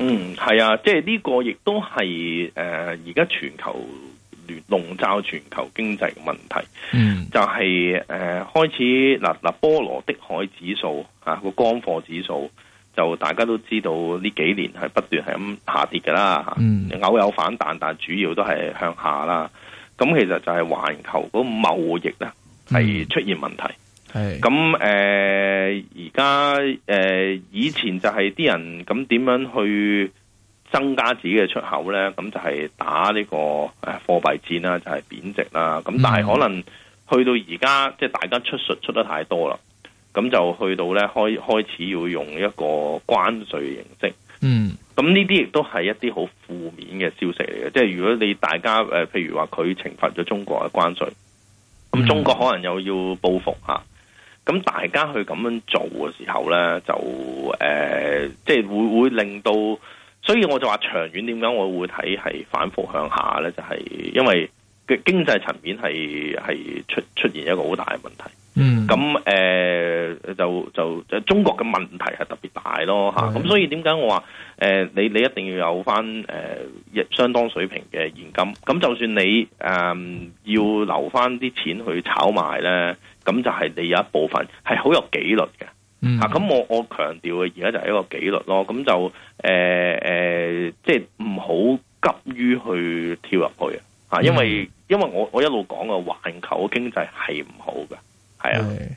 嗯，係啊，即係呢個亦都係誒而家全球籠籠罩全球經濟嘅問題。嗯，就係、是、誒、呃、開始嗱嗱波羅的海指數啊個乾貨指數就大家都知道呢幾年係不斷係咁下跌噶啦，嗯，偶有反彈，但係主要都係向下啦。咁其實就係環球嗰貿易咧係出現問題。嗯嗯係咁誒，而家誒，以前就係啲人咁點樣去增加自己嘅出口咧？咁就係打呢個誒貨幣戰啦，就係貶值啦。咁但係可能去到而家，嗯、即係大家出術出得太多啦，咁就去到咧開開始要用一個關稅形式。嗯，咁呢啲亦都係一啲好負面嘅消息嚟嘅。即係如果你大家誒，譬如話佢懲罰咗中國嘅關稅，咁中國可能又要報復吓。咁大家去咁樣做嘅時候呢，就即係、呃就是、會、會令到，所以我就話長遠點解我會睇係反覆向下呢？就係、是、因為嘅經濟層面係係出出現一個好大嘅問題。嗯，咁、呃、就就中國嘅問題係特別大咯吓咁是的 所以點解我話、呃、你你一定要有返、呃、相當水平嘅現金，咁就算你誒、呃、要留返啲錢去炒賣呢。咁就係你有一部分係好有紀律嘅，嚇咁、嗯啊、我我強調嘅而家就係一個紀律咯，咁就誒誒，即係唔好急於去跳入去啊、嗯因，因為因為我我一路講嘅環球經濟係唔好嘅，係啊。嗯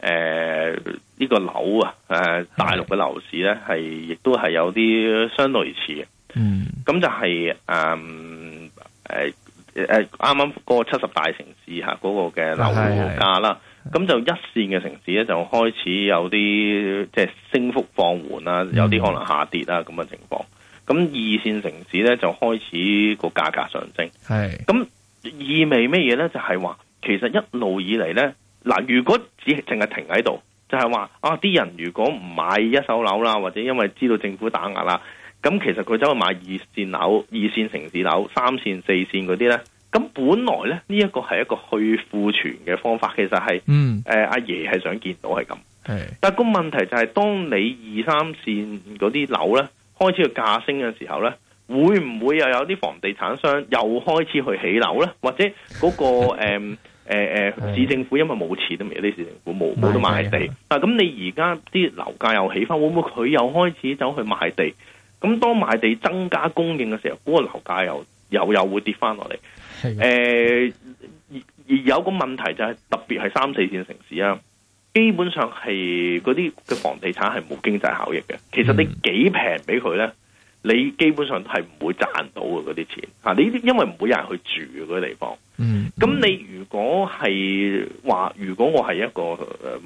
誒，呢、呃這個樓啊，誒、呃，大陸嘅樓市咧，係是亦都係有啲相類似嘅、嗯就是。嗯，咁就係誒，誒、呃、誒，啱啱嗰個七十大城市吓，嗰、那個嘅樓價啦，咁就一線嘅城市咧，就開始有啲即係升幅放緩啦，有啲可能下跌啦咁嘅情況。咁、嗯、二線城市咧，就開始個價格上升。係是，咁意味咩嘢咧？就係、是、話其實一路以嚟咧。嗱，如果只係淨係停喺度，就係話啊，啲人如果唔買一手樓啦，或者因為知道政府打壓啦，咁其實佢走去買二線樓、二線城市樓、三線、四線嗰啲呢。咁本來呢，呢一個係一個去庫存嘅方法，其實係，嗯、呃，阿爺係想見到係咁，是的 但個問題就係，當你二三線嗰啲樓呢，開始去價升嘅時候呢，會唔會又有啲房地產商又開始去起樓呢？或者嗰個誒？ 誒誒、呃，市政府因為冇錢啊，有啲市政府冇冇得賣地。啊的，咁你而家啲樓價又起翻，會唔會佢又開始走去賣地？咁當賣地增加供應嘅時候，嗰、那個樓價又又又會跌翻落嚟。誒的、呃，而有個問題就係、是、特別係三四線城市啊，基本上係嗰啲嘅房地產係冇經濟效益嘅。其實你幾平俾佢咧？你基本上都係唔會賺到嘅嗰啲錢，嚇、啊、你呢啲因為唔會有人去住嗰啲地方。嗯，咁、嗯、你如果係話，如果我係一個誒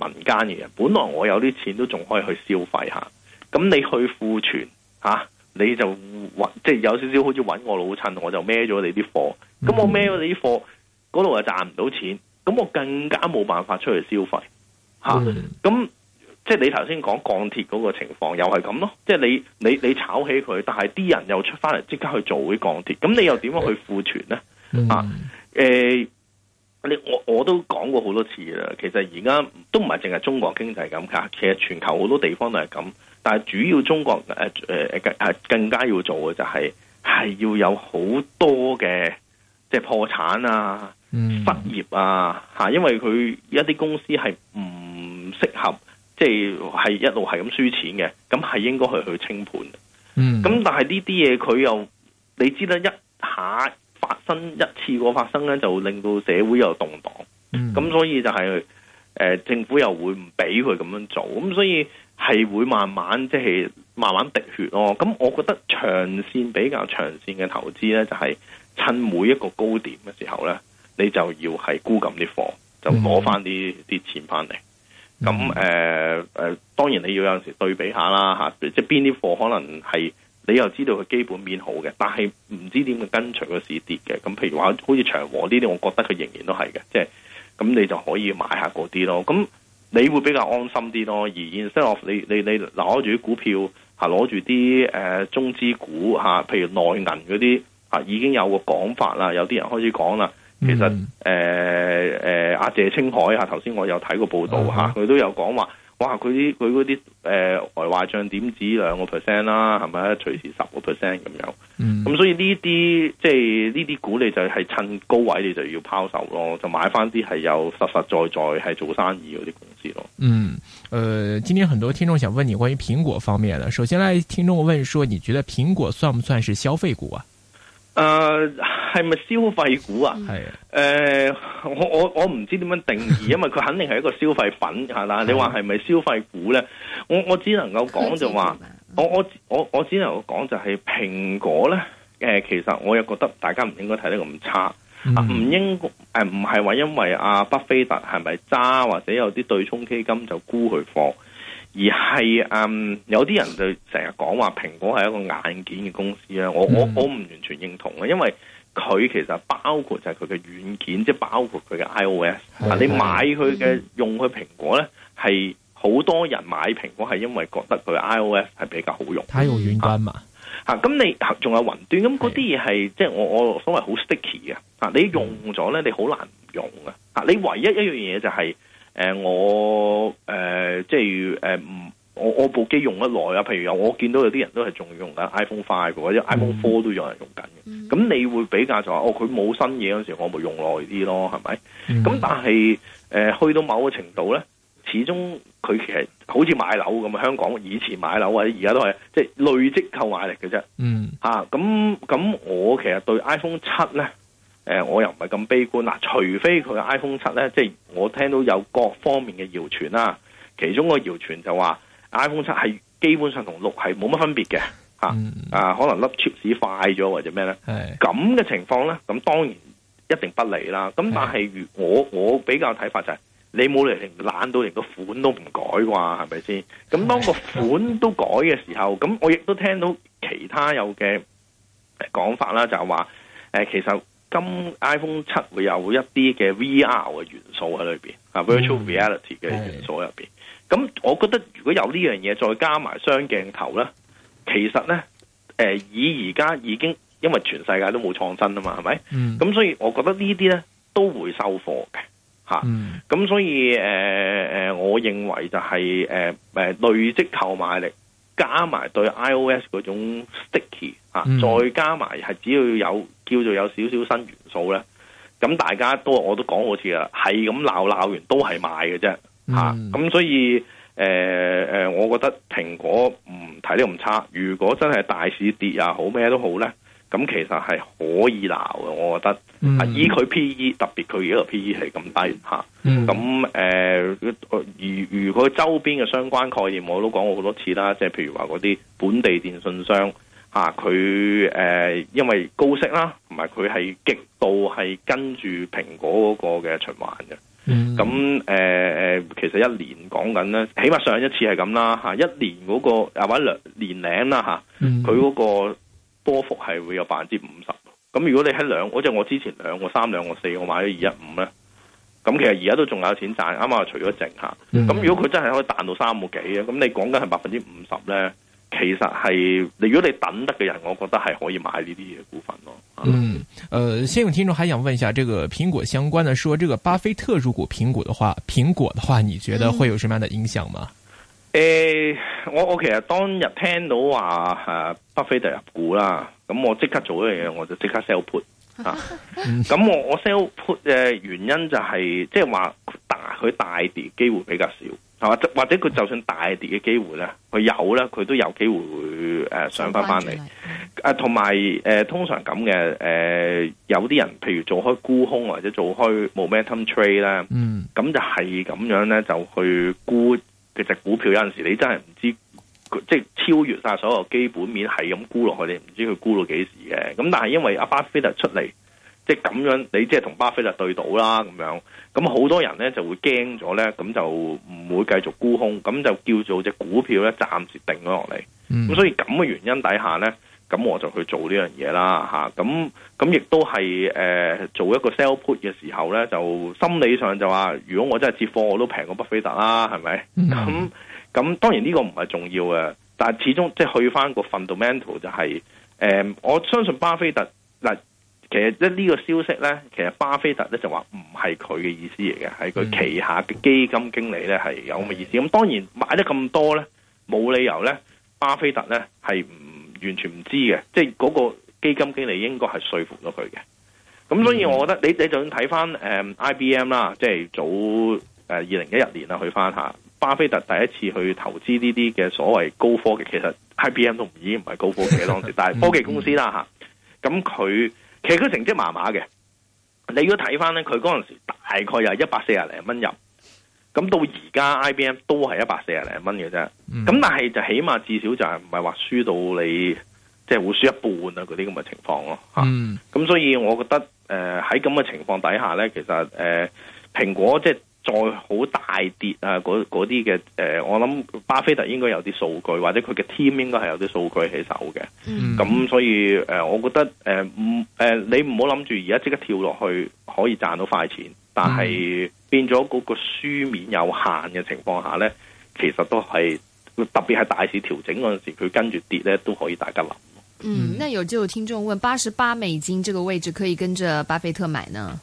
民間嘅人，本來我有啲錢都仲可以去消費下。咁你去庫存嚇，你就即係、啊就係、有少少好似揾我老襯，我就孭咗你啲貨。咁、嗯、我孭咗你啲貨，嗰度又賺唔到錢，咁我更加冇辦法出去消費嚇。咁、啊嗯啊即係你頭先講鋼鐵嗰個情況又係咁咯，即係你你你炒起佢，但係啲人又出翻嚟即刻去做啲鋼鐵，咁你又點樣去庫存咧？嗯、啊，誒、欸，你我我都講過好多次啦。其實而家都唔係淨係中國經濟咁噶，其實全球好多地方都係咁。但係主要中國誒誒誒，更加要做嘅就係、是、係要有好多嘅即係破產啊、失業啊吓，因為佢一啲公司係唔適合。即係一路係咁輸錢嘅，咁係應該去去清盤的。嗯，咁但係呢啲嘢佢又你知啦，一下發生一次過發生呢，就令到社會又動盪。嗯，咁所以就係、是呃、政府又會唔俾佢咁樣做，咁所以係會慢慢即係、就是、慢慢滴血咯。咁我覺得長線比較長線嘅投資呢，就係趁每一個高點嘅時候呢，你就要係沽緊啲貨，就攞翻啲啲錢翻嚟。咁誒，誒，當然你要有陣時對比下啦嚇、啊，即係邊啲貨可能係你又知道佢基本面好嘅，但係唔知點樣跟隨個市跌嘅。咁譬如話，好似長和呢啲，我覺得佢仍然都係嘅。即係咁你就可以買一下嗰啲咯。咁你會比較安心啲咯。而 instead 你你你攞住啲股票嚇，攞住啲誒中資股嚇、啊，譬如內銀嗰啲嚇，已經有個講法啦，有啲人開始講啦。其實誒誒，阿、呃呃、謝清海吓，頭先我有睇過報道吓，佢、嗯、都有講話，哇佢啲佢啲誒外壞賬點止兩個 percent 啦，係咪咧？隨時十個 percent 咁樣。咁、嗯嗯、所以呢啲即係呢啲股，你就係、是、趁高位你就要拋售咯，就買翻啲係有實實在在係做生意嗰啲公司咯。嗯，誒、呃，今天很多聽眾想問你關於蘋果方面嘅。首先咧，聽眾問說，你覺得蘋果算唔算是消費股啊？誒，係咪、uh, 消費股啊？係、uh, 誒，我我我唔知點樣定義，因為佢肯定係一個消費品，係啦 吧。你話係咪消費股咧？我我只能夠講就話、是，我我我我只能夠講就係蘋果咧。誒、uh,，其實我又覺得大家唔應該睇得咁差，唔、mm. 應誒唔係話因為阿巴菲特係咪渣，或者有啲對沖基金就沽佢貨。而係嗯，有啲人就成日講話蘋果係一個硬件嘅公司啊！我我我唔完全認同啊，因為佢其實包括就係佢嘅軟件，即係包括佢嘅 iOS 啊。你買佢嘅的用佢蘋果咧，係好多人買蘋果係因為覺得佢 iOS 係比較好用，睇用軟件嘛嚇。咁、啊啊、你仲有雲端，咁嗰啲嘢係即係我我所謂好 sticky 嘅嚇、啊。你用咗咧，你好難唔用啊！嚇，你唯一一樣嘢就係、是。誒、呃，我誒、呃，即係誒，唔、呃，我我部機用得耐啊。譬如有我見到有啲人都係仲用緊 iPhone Five 或者 iPhone Four 都有人用緊嘅。咁、嗯、你會比較就話，哦，佢冇新嘢嗰時我咪用耐啲咯，係咪？咁、嗯、但係誒、呃、去到某個程度咧，始終佢其實好似買樓咁啊。香港以前買樓或者而家都係即係累積購買力嘅啫。嗯、啊，吓咁咁，我其實對 iPhone 七咧。誒、呃，我又唔係咁悲觀啦。除非佢嘅 iPhone 七咧，即係我聽到有各方面嘅謠傳啦。其中個謠傳就話 iPhone 七係基本上同六係冇乜分別嘅嚇啊，嗯、啊，可能粒 chips 快咗或者咩咧？咁嘅是情況咧，咁當然一定不利啦。咁但係如我是我比較睇法就係、是，你冇嚟連懶到連個款都唔改啩，係咪先？咁當個款都改嘅時候，咁是我亦都聽到其他有嘅講法啦，就係話誒，其實。今 iPhone 七會有一啲嘅 VR 嘅元素喺裏面，Virtual Reality 嘅元素喺入邊。咁、mm. 我覺得如果有呢樣嘢再加埋雙鏡頭咧，其實咧、呃，以而家已經因為全世界都冇創新啊嘛，係咪？咁、mm. 所以我覺得這些呢啲咧都會收貨嘅，嚇、啊。咁、mm. 所以、呃、我認為就係誒誒累積購買力。加埋對 iOS 嗰種 sticky、啊、再加埋係只要有叫做有少少新元素咧，咁大家都我都講好似啦，係咁鬧鬧完都係買嘅啫嚇，咁、啊、所以誒、呃、我覺得蘋果唔睇得咁差，如果真係大市跌又好，好咩都好咧。咁其實係可以鬧嘅，我覺得。啊，以佢 P E，特別佢而家 P E 係咁低嚇。咁、呃、誒，如如果周邊嘅相關概念，我都講過好多次啦。即係譬如話嗰啲本地電信商嚇，佢、啊、誒、呃、因為高息啦，同埋佢係極度係跟住蘋果嗰個嘅循環嘅。咁誒誒，其實一年講緊咧，起碼上一次係咁啦嚇。一年嗰、嗰個啊或者兩年零啦嚇，佢、啊、嗰、嗯嗰個。波幅係會有百分之五十，咁如果你喺兩，好似我之前兩個三兩個四，我買咗二一五咧，咁其實而家都仲有錢賺，啱啱除咗淨吓，咁、嗯、如果佢真係可以彈到三個幾咧，咁你講緊係百分之五十咧，其實係你如果你等得嘅人，我覺得係可以買呢啲嘢股份咯。啊、嗯，誒、呃，先有聽眾還想問一下，這個蘋果相關的說，說這個巴菲特入股蘋果的話，蘋果的話，你覺得會有什麼樣的影響嗎？嗯誒、欸，我我其實當日聽到話誒，巴菲特入股啦，咁我即刻做一樣嘢，我就即刻 sell put 啊。咁我我 sell put 嘅原因就係、是，即係話大佢大跌機會比較少，或者佢就算大跌嘅機會咧，佢有咧，佢都有機會誒、啊、上翻翻嚟。同埋、啊啊啊、通常咁嘅誒，有啲人譬如做開沽空或者做開 momentum trade 咧、啊，嗯，咁就係咁樣咧，就去沽。其實股票有陣時你真係唔知，即係超越晒所有基本面係咁沽落去，你唔知佢沽到幾時嘅。咁但係因為阿巴菲特出嚟，即係咁樣，你即係同巴菲特對賭啦咁樣。咁好多人咧就會驚咗咧，咁就唔會繼續沽空，咁就叫做隻股票咧暫時定咗落嚟。咁、嗯、所以咁嘅原因底下咧。咁我就去做呢樣嘢啦，吓咁咁亦都係誒、呃、做一個 sell put 嘅時候呢，就心理上就話，如果我真係接貨，我都平過巴菲特啦，係咪？咁咁、mm hmm. 嗯嗯、當然呢個唔係重要嘅，但係始終即係、就是、去翻個 fundamental 就係、是、誒、呃，我相信巴菲特嗱、呃，其實一呢個消息呢，其實巴菲特呢就話唔係佢嘅意思嚟嘅，係佢、mm hmm. 旗下嘅基金經理呢係有咁嘅意思。咁、mm hmm. 當然買得咁多呢，冇理由呢，巴菲特呢係唔。完全唔知嘅，即係嗰個基金經理應該係說服咗佢嘅。咁所以我覺得你你就算睇翻誒 IBM 啦，即係早誒二零一一年啦，去翻吓巴菲特第一次去投資呢啲嘅所謂高科技，其實 IBM 都唔已經唔係高科技當時， 但係科技公司啦吓，咁佢其實佢成績麻麻嘅。你如果睇翻咧，佢嗰陣時候大概又係一百四廿零蚊入。咁到 IBM 而家 I B M 都係一百四十零蚊嘅啫，咁但係就起碼至少就係唔係話輸到你即係會輸一半啊，嗰啲咁嘅情況咯嚇，咁、嗯啊、所以我覺得誒喺咁嘅情況底下咧，其實誒、呃、蘋果即係。再好大跌啊！嗰啲嘅誒，我諗巴菲特應該有啲數據，或者佢嘅 team 應該係有啲數據喺手嘅。嗯，咁所以、呃、我覺得唔、呃呃、你唔好諗住而家即刻跳落去可以賺到快錢，但係變咗嗰個書面有限嘅情況下咧，其實都係特別係大市調整嗰陣時，佢跟住跌咧都可以大家諗。嗯，那有就有聽眾問八十八美金這個位置可以跟着巴菲特買呢？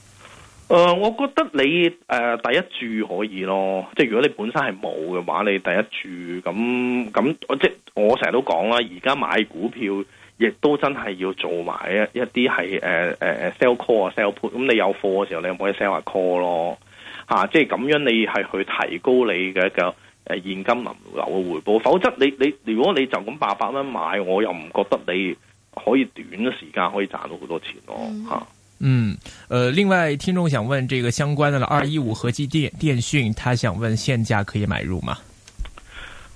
誒，uh, 我覺得你誒、呃、第一注可以咯，即係如果你本身係冇嘅話，你第一注咁咁，我即我成日都講啦，而家買股票亦都真係要做埋一一啲係誒 sell call 啊 sell put，咁你有貨嘅時候，你可以 sell 下 call 咯，啊、即係咁樣你係去提高你嘅嘅誒現金流嘅回報，否則你你如果你就咁八百蚊買，我又唔覺得你可以短時間可以賺到好多錢咯，嗯。嗯，誒、呃，另外聽眾想問，這個相關的二一五和記電電訊，他想問現價可以買入嗎？誒、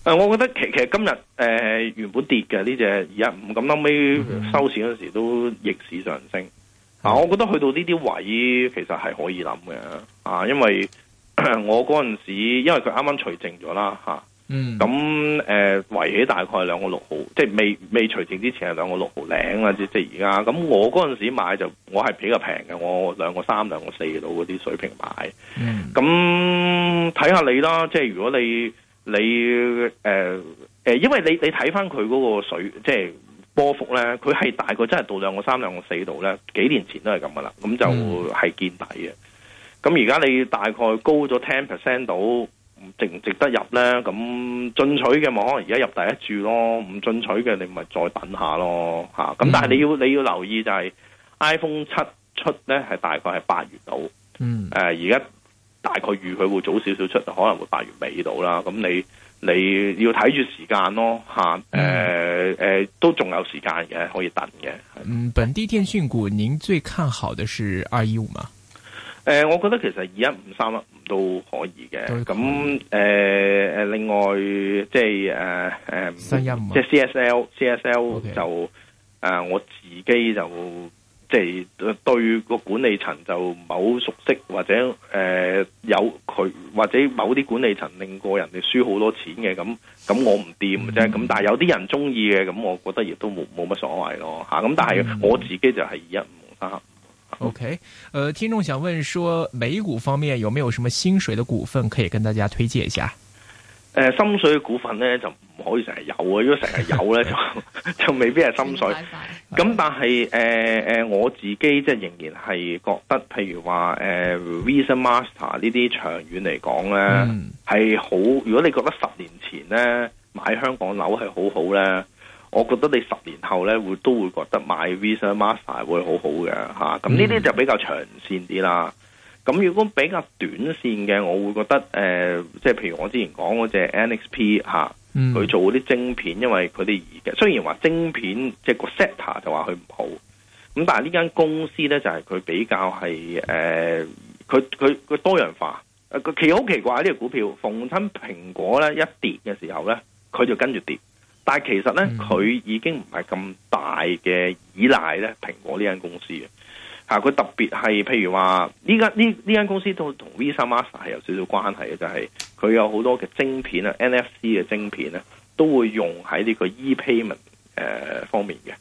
呃，我覺得其實其實今日誒、呃、原本跌嘅呢隻二一五，咁後尾收市嗰時候都逆市上升，的啊，我覺得去到呢啲位其實係可以諗嘅，啊，因為我嗰陣時因為佢啱啱除淨咗啦，吓、啊。嗯，咁誒、呃、圍起大概兩個六毫，即係未未除淨之前係兩個六毫零啦，即即而家。咁我嗰陣時買就我係比較平嘅，我兩個三兩個四度嗰啲水平買。咁睇、嗯、下你啦，即係如果你你誒、呃、因為你你睇翻佢嗰個水，即係波幅咧，佢係大概真係到兩個三兩個四度咧。幾年前都係咁噶啦，咁就係見底嘅。咁而家你大概高咗 ten percent 到。值唔值得入呢？咁進取嘅，咪可能而家入第一注咯。唔進取嘅，你咪再等一下咯。吓，咁但係你要、嗯、你要留意就係 iPhone 七出呢係大概係八月度，嗯，而家、呃、大概預佢會早少少出，可能會八月尾到啦。咁你你要睇住時間咯。吓、呃，誒誒、嗯呃呃，都仲有時間嘅，可以等嘅。嗯，本地電訊股，您最看好的是二一五嗎？誒、呃，我覺得其實二一五三一五都可以嘅。咁誒誒，另外、呃、即係誒誒，即係 C S L C S L 就啊，我自己就即係對個管理層就唔係好熟悉，或者誒、呃、有佢或者某啲管理層令個人哋輸好多錢嘅，咁咁我唔掂嘅啫。咁、嗯、但係有啲人鍾意嘅，咁我覺得亦都冇冇乜所謂咯嚇。咁、嗯、但係我自己就係二一五三 OK，呃，聽眾想問說，美股方面有沒有什麼心水的股份可以跟大家推薦一下？誒、呃，心水嘅股份咧就唔可以成日有，如果成日有咧 就就未必係心水。咁 但係誒誒，我自己即係仍然係覺得，譬如話誒 Vision Master 呢啲長遠嚟講咧係好。如果你覺得十年前咧買香港樓係好好咧。我覺得你十年後咧會都會覺得買 Visa Master 會會好好嘅，咁呢啲就比較長線啲啦。咁、嗯、如果比較短線嘅，我會覺得即係、呃、譬如我之前講嗰隻 NXP 吓佢做啲晶片，因為佢哋而嘅。雖然話晶片即係、就是、個 sector 就話佢唔好，咁但係呢間公司咧就係、是、佢比較係誒，佢佢佢多元化。誒、呃，佢好奇怪呢、呢個股票，逢親蘋果咧一跌嘅時候咧，佢就跟住跌。但係其實咧，佢、嗯、已經唔係咁大嘅依賴咧蘋果呢間公司嘅嚇，佢、啊、特別係譬如話，呢間呢呢間公司都同 Visa Master 係有少少關係嘅，就係、是、佢有好多嘅晶片啊、NFC 嘅晶片咧，都會用喺呢個 e-payment 誒、呃、方面嘅。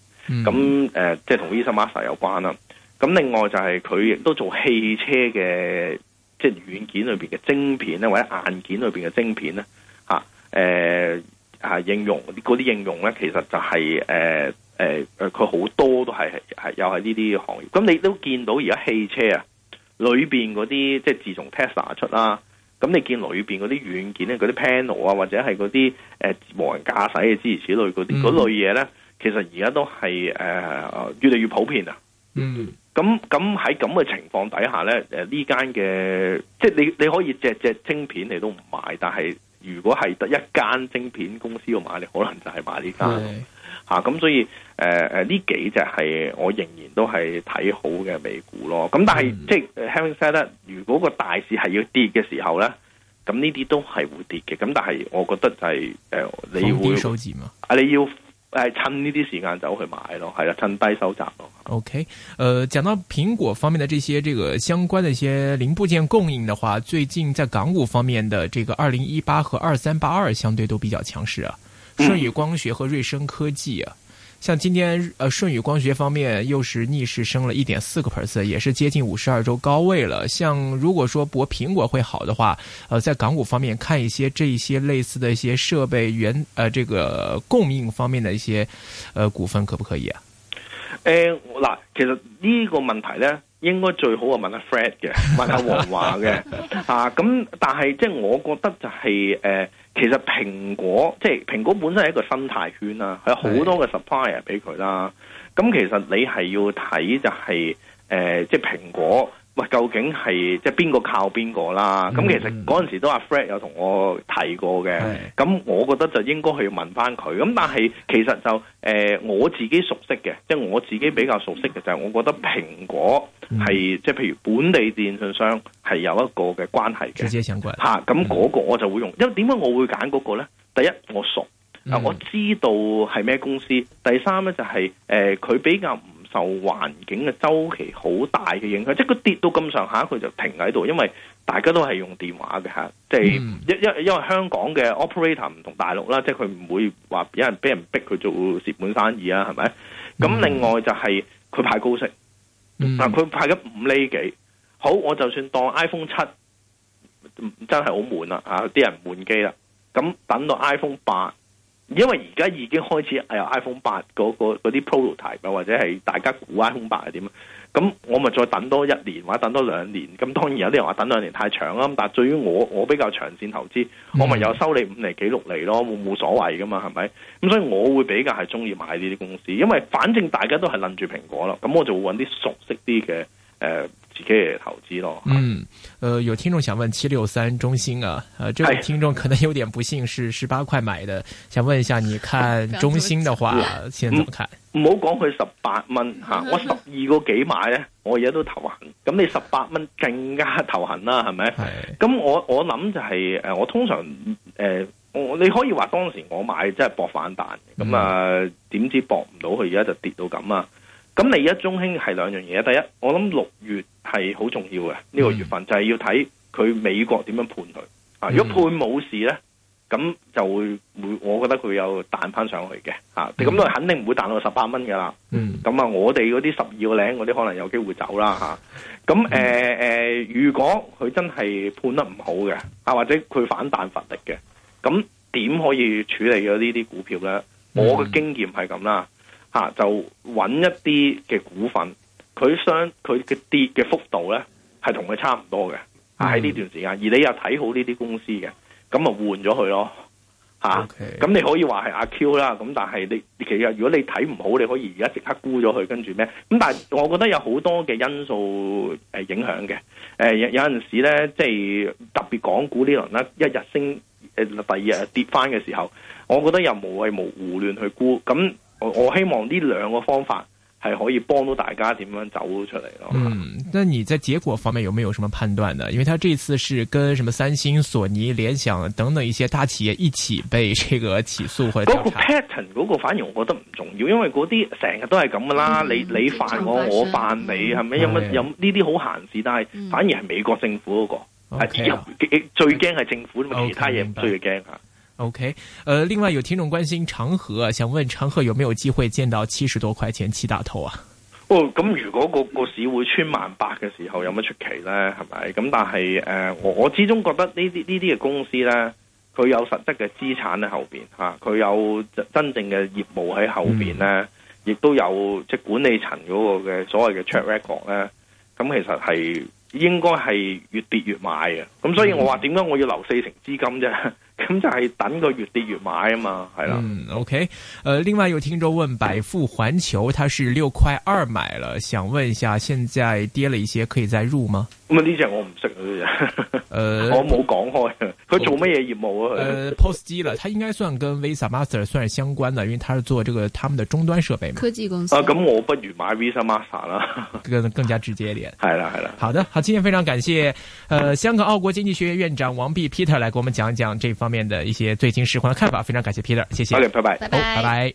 咁誒、嗯，即係同 Visa Master 有關啦。咁另外就係佢亦都做汽車嘅即係軟件裏邊嘅晶片咧，或者硬件裏邊嘅晶片咧嚇誒。啊呃係、啊、應用嗰啲應用咧，其實就係誒誒誒，佢、呃、好、呃、多都係係又係呢啲行業。咁你都見到而家汽車啊，裏邊嗰啲即係自從 Tesla 出啦，咁你見裏邊嗰啲軟件咧，嗰啲 Panel 啊，或者係嗰啲誒無人駕駛嘅支之類嗰啲嗰類嘢咧，其實而家都係誒、呃、越嚟越普遍啊。嗯，咁咁喺咁嘅情況底下咧，誒呢間嘅即係你你可以隻隻晶片你都唔買，但係。如果係得一間晶片公司要買，你可能就係買呢間嚇。咁的、啊、所以誒誒，呢、呃、幾隻係我仍然都係睇好嘅美股咯。咁但係、嗯、即係 Having said 咧，如果個大市係要跌嘅時候咧，咁呢啲都係會跌嘅。咁但係我覺得就係、是、誒、呃，你要數字啊你要。係趁呢啲時間走去買咯，係啦，趁低收集咯。OK，呃，講到蘋果方面的這些這個相關的一些零部件供應的話，最近在港股方面的這個二零一八和二三八二相對都比較強勢啊，舜宇、嗯、光學和瑞聲科技啊。像今天，呃，舜宇光學方面又是逆勢升了一點四個 percent，也是接近五十二周高位了。像如果說博蘋果會好的話，呃，在港股方面看一些這些類似的一些設備原，呃，這個供應方面的一些，呃，股份可不可以啊？誒，嗱，其實呢個問題呢，應該最好係問阿 Fred 嘅，問阿黃華嘅啊。咁但係即係我覺得就係、是、誒。呃其實蘋果即係蘋果本身係一個生態圈啦，係好多嘅 supplier 俾佢啦。咁是的 其實你係要睇就係、是、誒、呃，即係蘋果。喂，究竟係即係邊個靠邊個啦？咁、嗯、其實嗰陣時都阿 Fred 有同我提過嘅，咁是我覺得就應該去問翻佢。咁但係其實就誒、呃、我自己熟悉嘅，即、就、係、是、我自己比較熟悉嘅就係我覺得蘋果係即係譬如本地電訊商係有一個嘅關係嘅直接相關嚇。咁嗰、啊、個我就會用，嗯、因為點解我會揀嗰個咧？第一我熟，嗯、我知道係咩公司。第三咧就係誒佢比較唔。受環境嘅周期好大嘅影響，即係佢跌到咁上下，佢就停喺度，因為大家都係用電話嘅嚇，即係因因因為香港嘅 operator 唔同大陸啦，即係佢唔會話有人俾人逼佢做蝕本生意啊，係咪？咁另外就係佢派高息，嗱佢、嗯、派咗五厘幾，嗯、好我就算當 iPhone 七真係好悶啦嚇，啲人換機啦，咁等到 iPhone 八。因為而家已經開始，iPhone 八嗰啲 prototype 啊，prototype，或者係大家估 iPhone 八係點啊？咁我咪再等多一年或者等多兩年，咁當然有啲人話等兩年太長啦，但係對於我，我比較長線投資，我咪又收你五釐幾六釐咯，冇冇所謂噶嘛？係咪？咁所以我會比較係中意買呢啲公司，因為反正大家都係諗住蘋果啦，咁我就會揾啲熟悉啲嘅誒。呃自己嘅投資咯。嗯，呃，有聽眾想問七六三中興啊，呃、啊，這位、個、聽眾可能有點不幸，是十八塊買嘅。是想問一下，你看中興嘅話，先點看？唔好講佢十八蚊嚇，我十二個幾買咧，我而家都頭痕。咁你十八蚊更加頭痕啦，係咪？咁是我我諗就係，誒，我通常，誒、呃，我你可以話當時我買即係搏反彈，咁啊點知搏唔到，佢而家就跌到咁啊！咁你而家中興係兩樣嘢，第一我諗六月係好重要嘅呢、嗯、個月份，就係、是、要睇佢美國點樣判佢啊。嗯、如果判冇事咧，咁就會我覺得佢有彈翻上去嘅嚇。咁、啊、佢、嗯、肯定唔會彈到十八蚊噶啦。咁啊、嗯，我哋嗰啲十二個零嗰啲可能有機會走啦嚇。咁、啊、誒、呃呃、如果佢真係判得唔好嘅啊，或者佢反彈乏力嘅，咁點可以處理咗呢啲股票咧？嗯、我嘅經驗係咁啦。啊、就揾一啲嘅股份，佢相佢嘅跌嘅幅度咧，係同佢差唔多嘅喺呢段時間，而你又睇好呢啲公司嘅，咁啊換咗佢咯嚇。咁 Okay, 你可以話係阿 Q 啦，咁但係你其實如果你睇唔好，你可以而家即刻沽咗佢，跟住咩？咁但係我覺得有好多嘅因素影響嘅、呃，有有陣時咧，即係特別港股呢輪啦，一日升第二日跌翻嘅時候，我覺得又無謂無胡亂去沽咁。嗯我希望呢兩個方法係可以幫到大家點樣走出嚟咯。嗯，那你在結果方面有沒有什麼判斷呢？因為他這次是跟什麼三星、索尼、聯想等等一些大企業一起被這個起訴或者。嗰個 patent 嗰個反而我覺得唔重要，因為嗰啲成日都係咁噶啦，嗯、你你犯我，嗯、我犯你，係咪、嗯、有乜對有呢啲好閒事？但係反而係美國政府嗰、那個係、嗯、最驚係政府，嗯、其他嘢唔需要驚吓。Okay, OK，誒、呃，另外有聽眾關心長河啊，想問長河有沒有機會見到七十多塊錢七大頭啊？哦，咁如果個個市會穿萬八嘅時候有乜出奇呢？係咪？咁但係誒、呃，我我始終覺得呢啲呢啲嘅公司呢，佢有實質嘅資產喺後邊吓，佢有真正嘅業務喺後邊呢，亦、嗯、都有即管理層嗰個嘅所謂嘅 track record 呢。咁、嗯嗯、其實係應該係越跌越買嘅。咁所以我話點解我要留四成資金啫？咁就係等佢越跌越買啊嘛，係啦、嗯。嗯，OK，呃，另外有聽眾問百富環球，它是六塊二買了，想問一下，現在跌了一些，可以再入嗎？呢隻我唔識、呃、我冇講開佢做乜嘢業務啊？POS 機啦、呃，佢應該算跟 Visa、Master 算是相關的，因為佢係做這個他們的終端設備嘛。科技公司啊，咁我不如買 Visa、Master 啦，更更加直接一點。係啦係啦，的好的，好，今天非常感謝，呃，香港澳國經濟學院院長王弼 Peter 來給我們講一講這方面的一些最新市況的看法，非常感謝 Peter，謝謝，好拜拜拜拜拜。